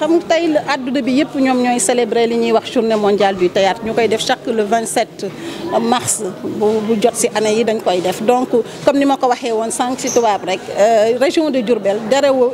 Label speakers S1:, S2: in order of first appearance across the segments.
S1: xam tey la àdduna bi yëpp ñoom ñooy célébrer li ñuy wax journée mondiale du théâtre ñu koy def chaque le 27 mars bu bu jot si année yi dañ koy def donc comme ni ma ko waxee woon sànq si tubaab rek euh, région de Diourbel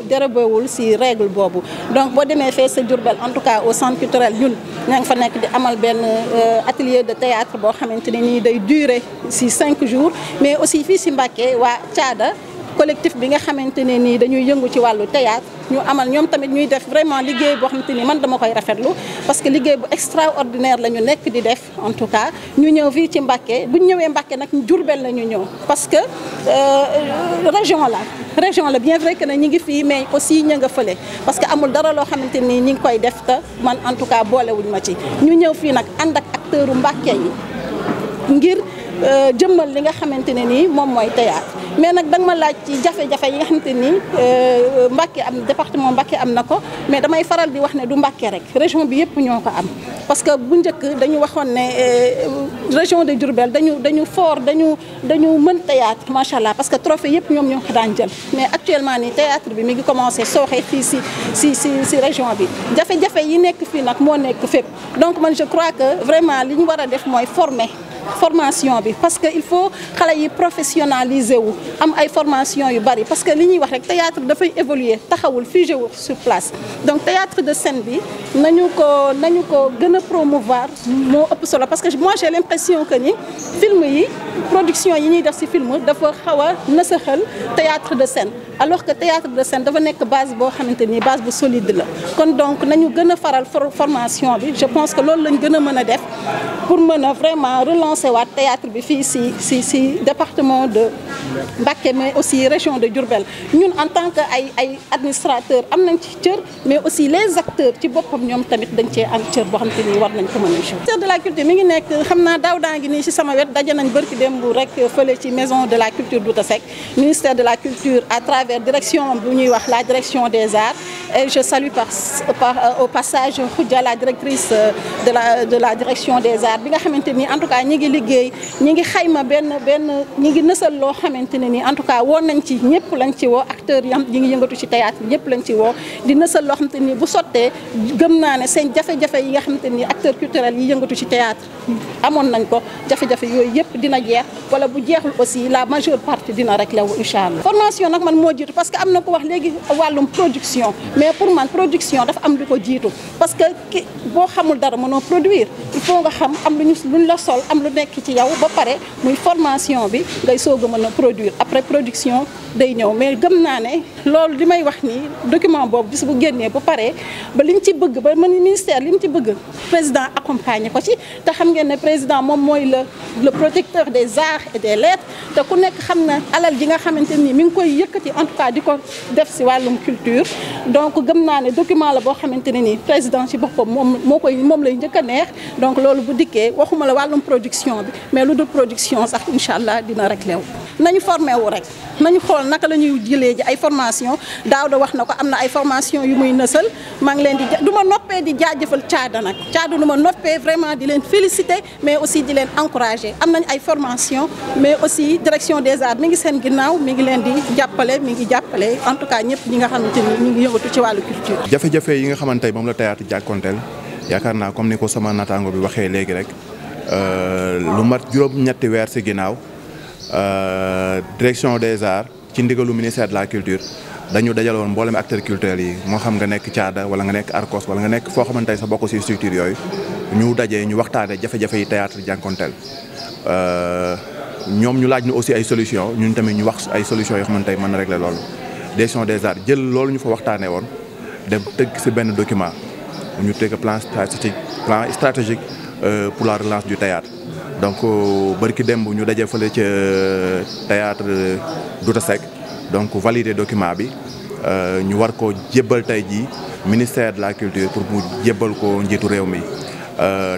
S1: dérébewul si règle boobu donc boo demee fee sa Diourbel en tout cas au centre culturel ñun ña fa nekk di amal benn euh, atelier de théâtre boo xamante ne nii day dure si cinq jours mais aussi fii si Mbacké waa caada collectif bi nga xamante ne nii dañuy yëngu ci wàllu théâtre ñu amal ñoom tamit ñuy def vraiment liggéey boo xamante ni man dama koy rafetlu parce que liggéey bu extraordinaire la ñu nekk di def en tout cas ñu ñëw fii ci Mbacké bu ñëwee Mbacké nag Jurbel la ñu ñëw parce que euh, région la région la bien vrai que na ñi ngi fii mais aussi ña nga fële parce que amul dara loo xamante nii ñu ngi koy def te man en tout cas boolewuñ ma ci ñu ñëw fii nag ànd ak acteur u Mbacké yi ngir euh, jëmmal li nga xamante ne nii moom mooy théâtre mais nag da ma laaj ci jafe-jafe yi nga xamante ni euh, Mbacké am département Mbacké am na ko mais damay faral di wax ne du Mbacké rek région bi yëpp ñoo ko am parce que bu njëkk dañu waxoon ne euh, région de Diourbel dañu dañu fort dañu dañu mën théâtre macha allah parce que trophée yëpp ñoom ñoo ko daan jël mais actuellement nii théâtre bi mi ngi commencé sooxee fii si si si si région bi jafe-jafe yi nekk fii nag moo nekk fépp donc man je crois que vraiment li ñu war a def mooy former formation bi parce que il faut xale yi professionnaliser wu am ay formation yu bari parce que li ñuy wax rek théâtre dafay évoluer taxawul figé wu sur place donc théâtre de scène bi nañu ko nañu ko gën a promouvoir moo ëpp solo parce que moi j'ai l'impression que ni film yi production yi ñuy def ci film dafa xaw a nasaxal théâtre de scène alors que théâtre de scène dafa nekk base boo xamante ni base bu solide la kon donc nañu gën a faral formation bi je pense que loolu lañ gën a mën def lancé waat théâtre bi fii si si si de Mbacké mais ñun en tant que ay ay administrateur am nañ ci cër mais aussi les acteurs ci boppam ñoom tamit dañ cee am boo xam te ni war nañ ko mën la culture mi ngi nekk xam na daaw daa ngi si sama wet daje nañ bërki démb rek fële ci maison de la culture Douta Seck ministère de la culture à travers direction bu ñuy wax la direction des arts e je salue par par euh, au passage Khoudia la directrice euh, de la de la direction des arts bi nga xamante ni en tout cas ñi ngi liggéey ñi ngi xayma benn benn ñi ngi nësal loo xamante ne nii en tout cas woon nañ ci ñëpp lañ ci woo acteur yi am ñi ngi yëngatu ci théâtre ñëpp lañ ci woo di nësal loo xamante nii bu sottee gëm naa ne seen jafe-jafe yi nga xam xamante nii acteurs culturels yi yëngatu ci théâtre amoon nañ ko jafe-jafe yooyu yëpp dina jeex wala bu jeexul aussi la majeure partie dina réglé wu incha allah formation nag man moo jiitu parce que am na ko wax léegi wàllum production mais pour man production dafa am lu ko jiitu parce que boo xamul dara mënoo produire il faut nga xam am luñu luñ la sol am lu nekk ci yow ba pare muy formation bi ngay soog a mën a produire après production day ñëw mais gëm naa ne loolu li may wax nii document boobu bis bu génnee ba pare ba liñ ci bëgg ba mën ministère liñ ci bëgg président accompagner ko ci te xam ngeen ne président moom mooy le le protecteur des arts et des lettres te ku nekk xam na alal ji nga xamante nii mi ngi koy yëkkati en tout cas di ko def si wàllum culture donc gëm naa ne document la boo xamante ne nii président ci boppam moom moo koy moom lay njëkk a neex donc loolu bu dikkee waxuma la wàllum production bi mais lu dul production sax incha allah dina réglé wu. nañu formé wu rek nañu xool naka la ñuy jëlee ji ay formation daaw da wax na ko am na ay formation yu muy nësal maa ngi leen di ja ma noppee di jaajëfal caada nag caada du ma noppee vraiment di leen féliciter mais aussi di leen encourager am nañ ay formation mais aussi direction des arts mi ngi seen ginnaaw mi ngi leen di jàppale mi ngi jàppale en tout cas ñëpp ñi nga xamante ni ñu ngi yëngatu ci wàllu culture.
S2: jafe-jafe yi nga xamante ne moom la théâtre jàkkoonteel yaakaar naa comme ni ko sama nataango bi waxee léegi rek euh, lu mat juróom-ñetti weer si ginnaaw euh, direction des arts ci ndigalu ministère de la culture dañu dajaloon mboolem acteurs culturels yi moo xam nga nekk caada wala nga nekk arcos wala nga nekk foo xamante ne sa bokk si structure yooyu ñu dajee ñu waxtaanee jafe-jafe yi théâtre jànkonteel euh, ñoom ñu laaj ñu aussi ay solution ñun tamit ñu wax ay solution yoo xamante ne mën na régler loolu direction des arts jël loolu ñu fa waxtaanee woon dem tëgg si benn document ñu teg plan stratégique plan stratégique euh, pour la relance du théâtre donc euh, bërki demb ñu daje fële ca euh, théâtre Douta Seck donc valider document bi ñu war ko jébbal tey jii ministère de la culture pour mu jébbal ko njiitu réew mi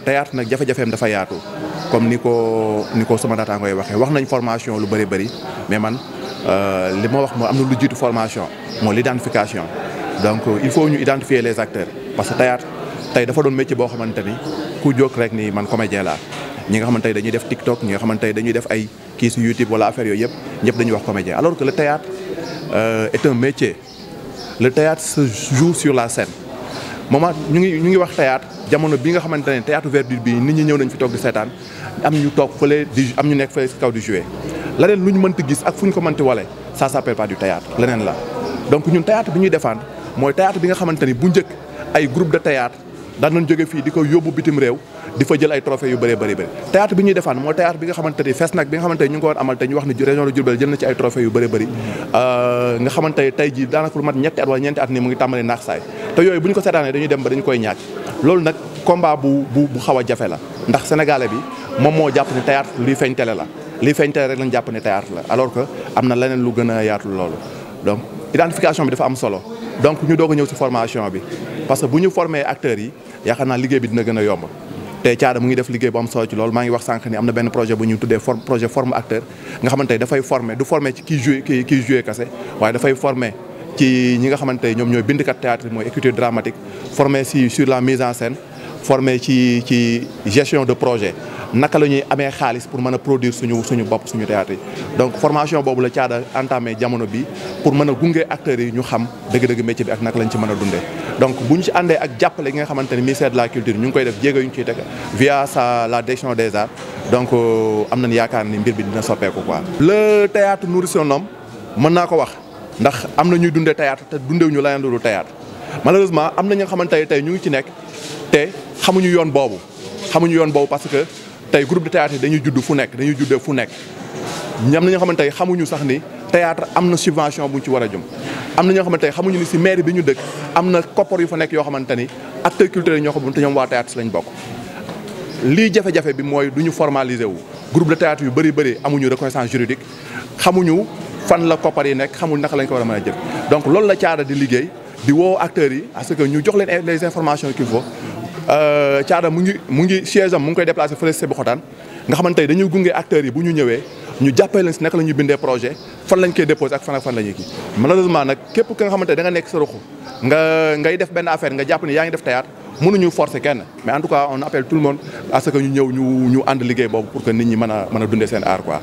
S2: théâtre nag jafe-jafeem dafa yaatu comme ni ko ni ko sama naataangooy waxee wax nañ formation lu bëri bëri mais man li ma wax moo am na lu jiitu formation moo l'identification donc il faut ñu identifier les acteurs parce que théâtre tey dafa doon métier boo xamante ku jóg rek ni man comédien laa ñi nga xamante dañuy def TikTok ñi nga xamante ne dañuy def ay kii si YouTube wala affaire yooyu yëpp ñëpp dañuy wax comédien alors que le théâtre euh, est un métier le théâtre se joue sur la scène moment ñu ngi ñu ngi wax théâtre jamono bi nga xamante ne théâtre verdure bi nit ñi ñëw nañ fi toog di seetaan am ñu toog fële di am ñu nekk fële si kaw di jouer leneen lu ñu mënti gis ak fu ñu ko mënti wale ça s'appelle pas du théâtre leneen la donc ñun ni bu njëkk ay groupe de théâtre daan nañ jóge fii di ko yóbbu bitim réew di fa jël ay trophées yu bëree bëri bëri théâtre bi ñuy defaan mooy théâtre bi nga xamante ni fees nag bi nga xamante ni ñu ngi ko war amal te ñu euh, tey jii daanaka lu mat ñetti at wala at mu ngi tàmbalee naax saay te yooyu bu ñu ko seetaanee dañuy dem ba dañu koy ñaaj loolu nag combat bu bu bu xaw a jafe la ndax sénégalais bi moom moo jàpp ne théâtre luy feeñ télé la liy feeñ télé rek lañ jàpp ne théâtre la alors que am na leneen lu gën a yaatu loolu donc identification bi dafa am solo donc ñu doog a ñëw ci formation bi parce que bu ñu formé acteurs yi yaakaar naa liggéey bi dina gën a yomb te Thiada mu ngi def liggéey bu am solo ci loolu maa ngi wax sànq ni am na benn projet bu ñu tuddee forme projet forme acteur nga xamante dafay formé du formé ci kii joué kase waaye dafay formé ci ñi nga xamante ñoom ñooy bindkat théâtre mooy écriture dramatique formé si sur la mise en scène forme ci ci gestion de projet naka la ñuy amee xaalis pour mën a produire suñu suñu bopp suñu théâtre yi donc formation boobu la caada entamé jamono bi pour mën a gunge acteurs yi ñu xam dëgg-dëgg métier bi ak naka lañ ci mën a dundee donc bu ñu ci àndee ak jàppale gi nga xamante ne ministère de la culture ñu ngi koy def jéego yu ñu ciy teg via la direction des arts donc euh, am nañ yaakaar ni mbir bi dina soppeeku quoi. le théâtre nourrit son homme mën naa ko wax ndax am na ñuy dundee théâtre te dundewuñu leneen lu dul théâtre malheureusement am na ñi nga xamante tey ñu ngi ci nekk te xamuñu yoon boobu xamuñu yoon boobu parce que tey groupe de théâtre dañuy judd fu nekk dañuy juddee fu nekk ñam na ñoo xamante tey xamuñu sax ni théâtre am na subvention bu ci war a jëm am nañoo ñoo xamante tey xamuñu ni si maire bi ñu dëkk am na koppar yu fa nekk yoo xamante ni acteurs culturels ñoo xamante ñoom waa théâtre si lañ bokk lii jafe-jafe bi mooy du ñu formaliser wu groupe de théâtre yu bëri bëri amuñu reconnaissance juridique xamuñu fan la koppar yi nekk xamuñu naka lañ ko war a mën a jëm donc loolu la caada di liggéey di woo acteurs yi à que ñu jox leen les informations qu'il faut Euh, Thiada mu ngi mu ngi siège am mu ngi koy déplacé fële si Sébikotane nga xamante ne dañuy gunge acteurs yi bu ñu ñëwee ñu jàppale leen si naka la ñuy bindee projet fan lañ koy déposé ak fan ak fan la ñuy kii malheureusement nag képp ki nga xamante ne da nga nekk sa ruq nga ngay def benn affaire nga jàpp ne yaa ngi def théâtre mënuñu forcer kenn mais en tout cas on appelle tout le monde ñu ñëw ñu ñu ànd liggéey boobu pour que nit ñi mën a dundee seen art quoi